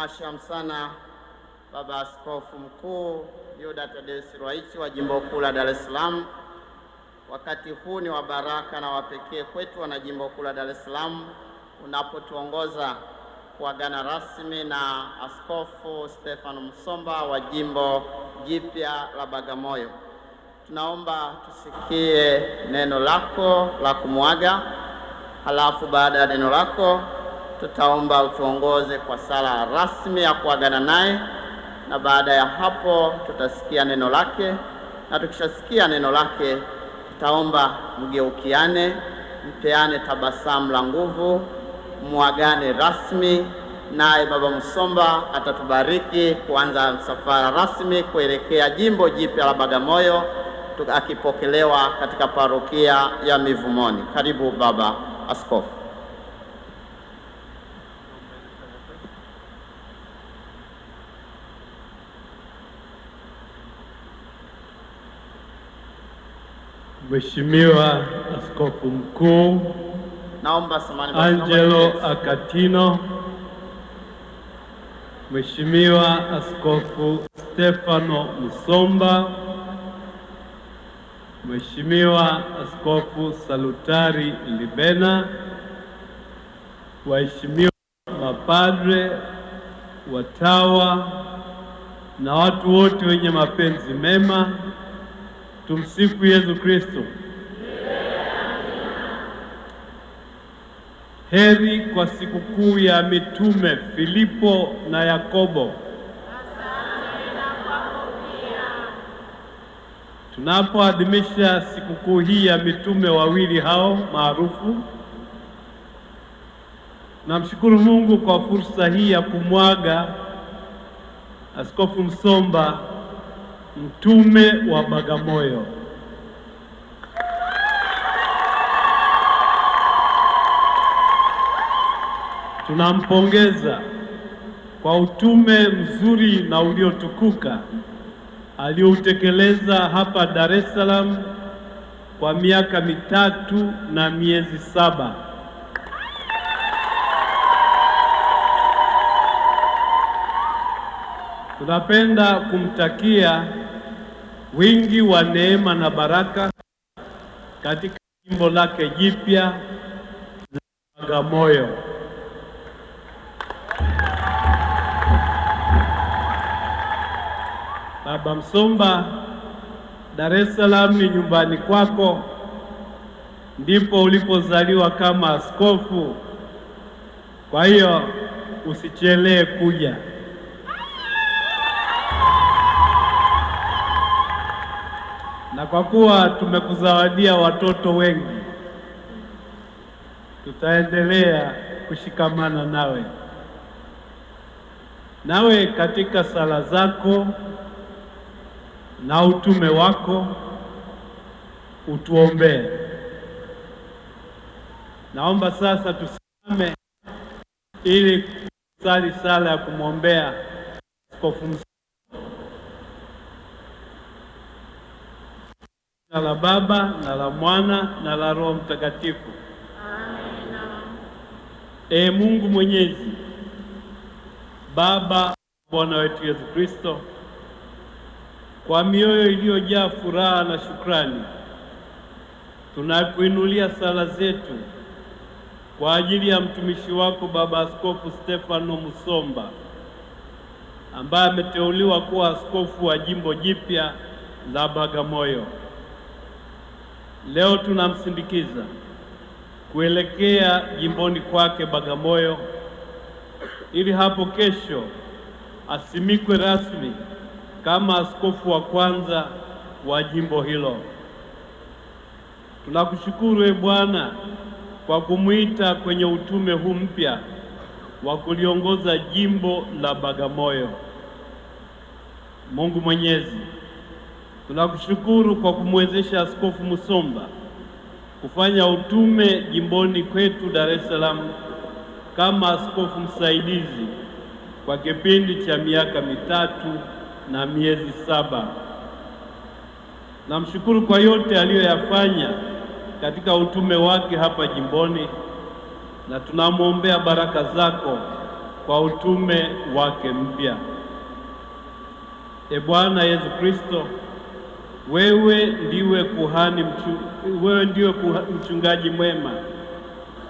Mhashamu sana Baba Askofu Mkuu Yuda Thadeusi Ruwa'ichi wa Jimbo Kuu la Dar es Salaam. Wakati huu ni wa baraka na wapekee kwetu wana Jimbo Kuu la Dar es Salaam unapotuongoza kuagana rasmi na Askofu Stefano Musomba wa Jimbo Jipya la Bagamoyo. Tunaomba tusikie neno lako la kumwaga, halafu baada ya neno lako tutaomba utuongoze kwa sala rasmi ya kuagana naye, na baada ya hapo tutasikia neno lake, na tukishasikia neno lake tutaomba mgeukiane, mpeane tabasamu la nguvu, mwagane rasmi naye. Baba Msomba atatubariki kuanza msafara rasmi kuelekea jimbo jipya la Bagamoyo, akipokelewa katika parokia ya Mivumoni. Karibu Baba Askofu. Mheshimiwa Askofu Mkuu naomba samani Angelo Akatino, Mheshimiwa Askofu Stefano Musomba, Mheshimiwa Askofu Salutari Libena, waheshimiwa mapadre, watawa na watu wote wenye mapenzi mema Tumsifu Yesu Kristo. Heri kwa sikukuu ya mitume Filipo na Yakobo. Tunapoadhimisha sikukuu hii ya mitume wawili hao maarufu, namshukuru Mungu kwa fursa hii ya kumwaga Askofu Msomba Mtume wa Bagamoyo. Tunampongeza kwa utume mzuri na uliotukuka aliyoutekeleza hapa Dar es Salaam kwa miaka mitatu na miezi saba. Tunapenda kumtakia wingi wa neema na baraka katika jimbo lake jipya la Bagamoyo. Baba Msomba, Dar es Salaam ni nyumbani kwako, ndipo ulipozaliwa kama askofu. Kwa hiyo usichelee kuja. na kwa kuwa tumekuzawadia watoto wengi, tutaendelea kushikamana nawe nawe katika sala zako na utume wako utuombee. Naomba sasa tusimame ili kusali sala ya kumwombea askofu Jina la Baba na la Mwana na la Roho Mtakatifu. Amen. Ee Mungu Mwenyezi, Baba Bwana wetu Yesu Kristo, kwa mioyo iliyojaa furaha na shukrani, tunakuinulia sala zetu kwa ajili ya mtumishi wako Baba Askofu Stefano Musomba ambaye ameteuliwa kuwa askofu wa jimbo jipya la Bagamoyo. Leo tunamsindikiza kuelekea jimboni kwake Bagamoyo ili hapo kesho asimikwe rasmi kama askofu wa kwanza wa jimbo hilo. Tunakushukuru e Bwana kwa kumwita kwenye utume huu mpya wa kuliongoza jimbo la Bagamoyo. Mungu Mwenyezi Tunakushukuru kwa kumwezesha Askofu Musomba kufanya utume jimboni kwetu Dar es Salaam kama askofu msaidizi kwa kipindi cha miaka mitatu na miezi saba. Namshukuru kwa yote aliyoyafanya katika utume wake hapa jimboni na tunamwombea baraka zako kwa utume wake mpya. E Bwana Yesu Kristo wewe ndiwe kuhani mchu, wewe ndiwe mchungaji mwema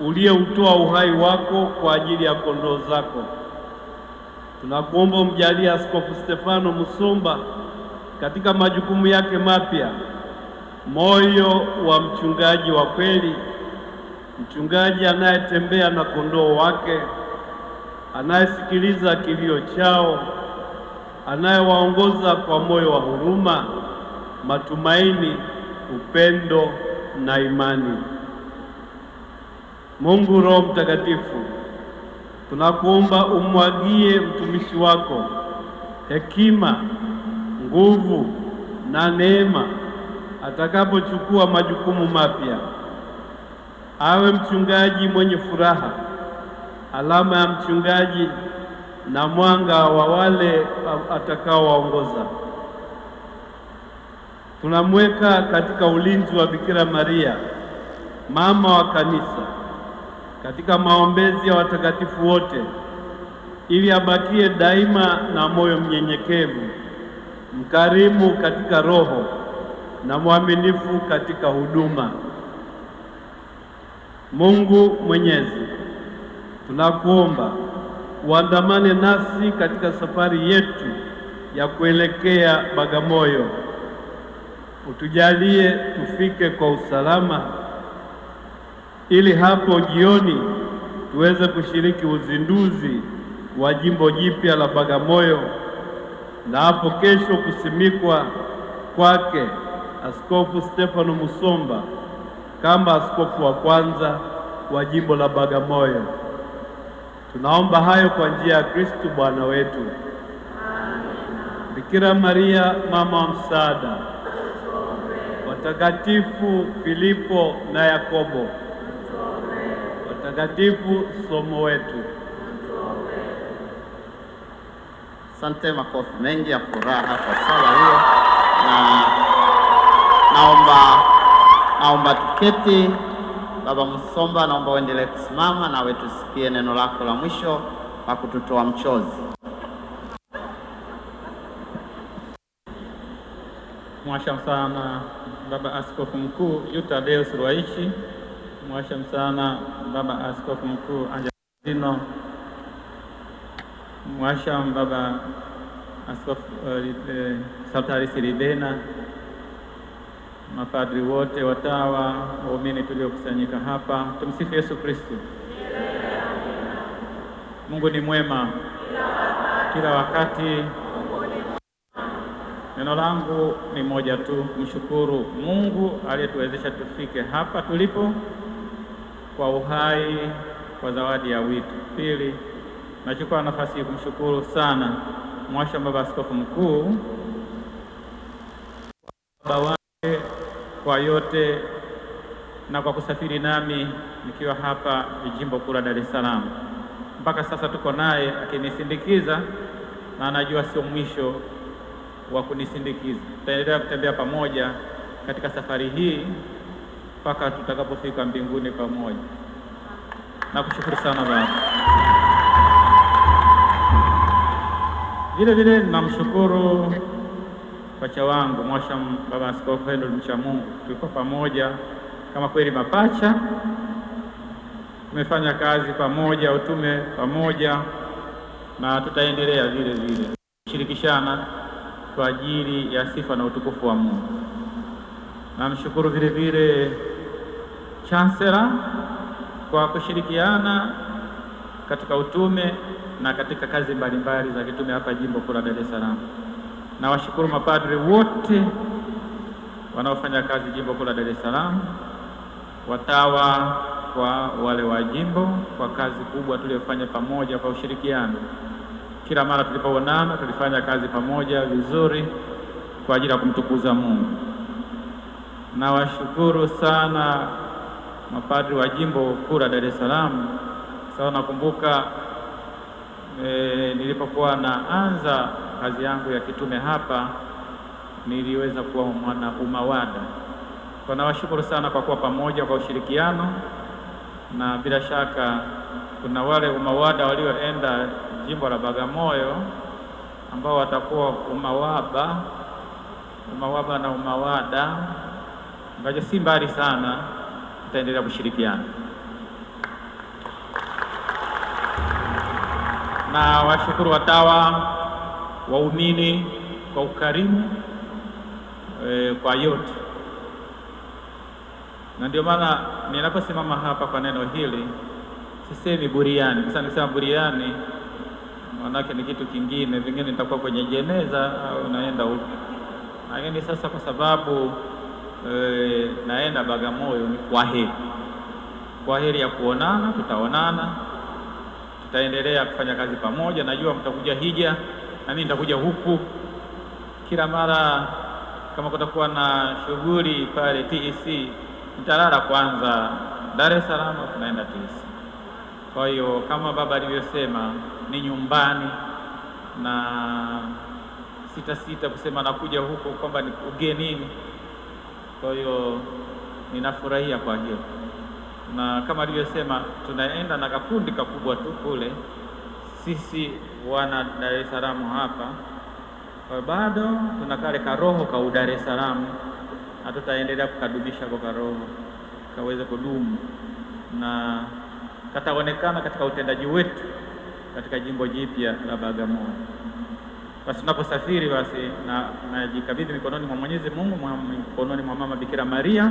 uliyeutoa uhai wako kwa ajili ya kondoo zako. Tunakuomba umjalie Askofu Stefano Musumba katika majukumu yake mapya moyo wa mchungaji wa kweli, mchungaji anayetembea na kondoo wake, anayesikiliza kilio chao, anayewaongoza kwa moyo wa huruma matumaini, upendo na imani. Mungu Roho Mtakatifu, tunakuomba umwagie mtumishi wako hekima, nguvu na neema atakapochukua majukumu mapya. Awe mchungaji mwenye furaha, alama ya mchungaji na mwanga wa wale atakaowaongoza tunamweka katika ulinzi wa Bikira Maria mama wa kanisa, katika maombezi ya watakatifu wote, ili abakie daima na moyo mnyenyekevu, mkarimu katika roho na mwaminifu katika huduma. Mungu Mwenyezi, tunakuomba uandamane nasi katika safari yetu ya kuelekea Bagamoyo utujalie tufike kwa usalama, ili hapo jioni tuweze kushiriki uzinduzi wa jimbo jipya la Bagamoyo na hapo kesho kusimikwa kwake Askofu Stefano Musomba kama askofu wa kwanza wa jimbo la Bagamoyo. Tunaomba hayo kwa njia ya Kristo Bwana wetu. Bikira Maria mama wa msaada watakatifu Filipo na Yakobo, watakatifu somo wetu. Asante, makofi mengi ya furaha kwa sala hiyo, na naomba naomba tuketi. Baba Msomba, naomba uendelee kusimama, nawe tusikie neno lako la mwisho la kututoa mchozi. mwasha sana baba askofu mkuu Deus Ruwaishi, mwasha sana baba askofu mkuu Angelino, mwasha baba askofu uh, eh, uh, eh, Saltarisi Libena, mapadri wote, watawa, waumini tuliokusanyika hapa, tumsifu Yesu Kristo. Mungu ni mwema kila wakati Neno langu ni moja tu, mshukuru Mungu aliyetuwezesha tufike hapa tulipo kwa uhai, kwa zawadi ya wito. Pili, nachukua nafasi hii kumshukuru sana Mwasha Baba Askofu Mkuu baba wake kwa yote na kwa kusafiri nami nikiwa hapa jimbo kuu la Dar es Salaam. Mpaka sasa tuko naye akinisindikiza na anajua sio mwisho wa kunisindikiza. Tutaendelea kutembea pamoja katika safari hii mpaka tutakapofika mbinguni pamoja. Nakushukuru sana Baba. Vile vile namshukuru pacha wangu Mwasham Baba Askofu Henry Mchamungu, tulikuwa pamoja kama kweli mapacha, tumefanya kazi pamoja, utume pamoja, na tutaendelea vile vile kushirikishana kwa ajili ya sifa na utukufu wa Mungu. Namshukuru vile vile chansela kwa kushirikiana katika utume na katika kazi mbalimbali za kitume hapa jimbo kuu la Dar es Salaam. Nawashukuru mapadri wote wanaofanya kazi jimbo kuu la Dar es Salaam, watawa kwa wale wa jimbo kwa kazi kubwa tuliyofanya pamoja kwa ushirikiano. Kila mara tulipoonana tulifanya kazi pamoja vizuri kwa ajili ya kumtukuza Mungu. Nawashukuru sana mapadri wa jimbo kuu la Dar es Salaam. Sasa nakumbuka e, nilipokuwa naanza kazi yangu ya kitume hapa niliweza kuwa mwana umawada. Kwa nawashukuru sana kwa kuwa pamoja kwa ushirikiano na bila shaka kuna wale umawada walioenda jimbo la Bagamoyo ambao watakuwa umawaba umawaba na umawada ambacho si mbali sana, tutaendelea kushirikiana na washukuru watawa waumini kwa ukarimu e, kwa yote, na ndio maana ninaposimama hapa kwa neno hili sisemi buriani, kwa sababu nikisema buriani manake ni kitu kingine, vingine nitakuwa kwenye jeneza au naenda huko. Lakini sasa kwa sababu e, naenda Bagamoyo, ni kwaheri, kwaheri ya kuonana, tutaonana, tutaendelea kufanya kazi pamoja. Najua mtakuja hija na mimi nitakuja huku kila mara. Kama kutakuwa na shughuli pale TEC nitalala kwanza Dar es Salaam, tunaenda TEC. Kwa hiyo kama baba alivyosema ni nyumbani, na sitasita kusema nakuja huko kwamba ni ugenini. Kwa hiyo ninafurahia kwa hiyo, na kama alivyosema tunaenda na kakundi kakubwa tu kule, sisi wana Dar es Salaam hapa kwa bado tunakale karoho ka Dar es Salaam, hatutaendelea kukadumisha kwa karoho kaweze kudumu na kataonekana katika utendaji wetu katika jimbo jipya la Bagamoyo. Basi tunaposafiri basi na najikabidhi mikononi mwa Mwenyezi Mungu, mikononi mwa mama Bikira Maria,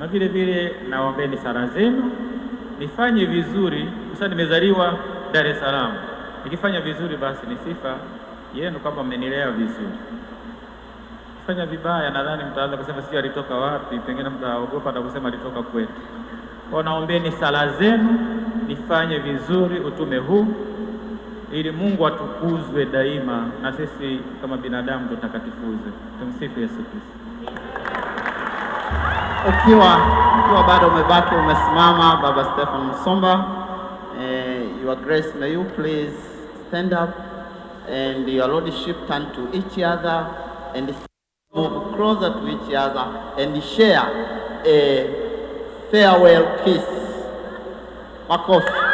na vile vile naombeni sala zenu, nifanye vizuri. Sasa nimezaliwa Dar es Salaam, nikifanya vizuri basi ni sifa yenu kwamba mmenilea vizuri. Fanya vibaya, nadhani mtaanza kusema sijui alitoka wapi, pengine mtaogopa na kusema alitoka kwetu. Naombeni sala zenu nifanye vizuri utume huu ili Mungu atukuzwe daima na sisi kama binadamu tutakatifuzwe. Tumsifu Yesu Kristo. Ukiwa ukiwa bado umebaki umesimama, Baba Stephen Msomba, eh, Your Grace, may you please stand up and your Lordship turn to each other and move closer to each other and share a eh, farewell kiss. Makofi.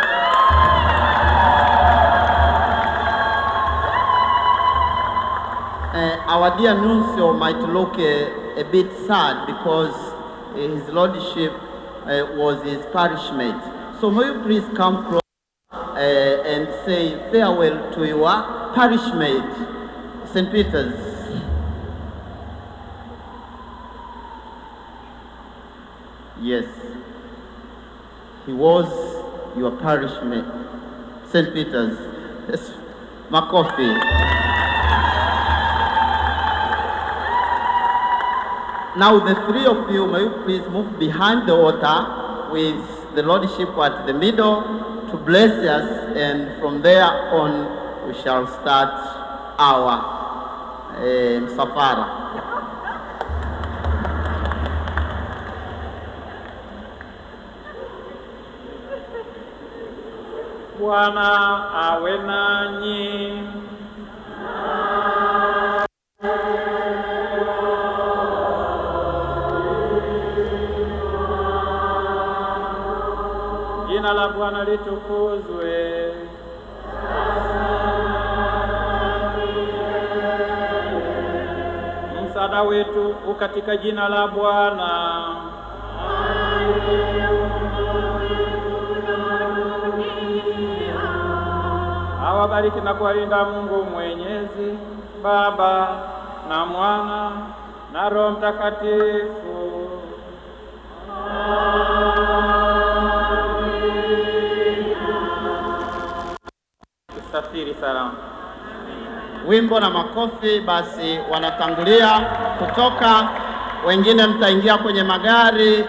Uh, our dear nuncio might look uh, a bit sad because uh, his lordship uh, was his parish mate. So may you please come close uh, and say farewell to your parish mate, St. Peter's. He was your parish mate, St. Peter's. Yes, makofi. Now the three of you, may you please move behind the altar with the Lordship at the middle to bless us, and from there on we shall start our uh, um, msafara. Bwana awe nanyi. Jina la Bwana litukuzwe. Msaada wetu ukatika jina la Bwana. awabariki na kuwalinda Mungu Mwenyezi, Baba na Mwana na Roho Mtakatifu. salama. Wimbo na makofi basi wanatangulia kutoka, wengine mtaingia kwenye magari.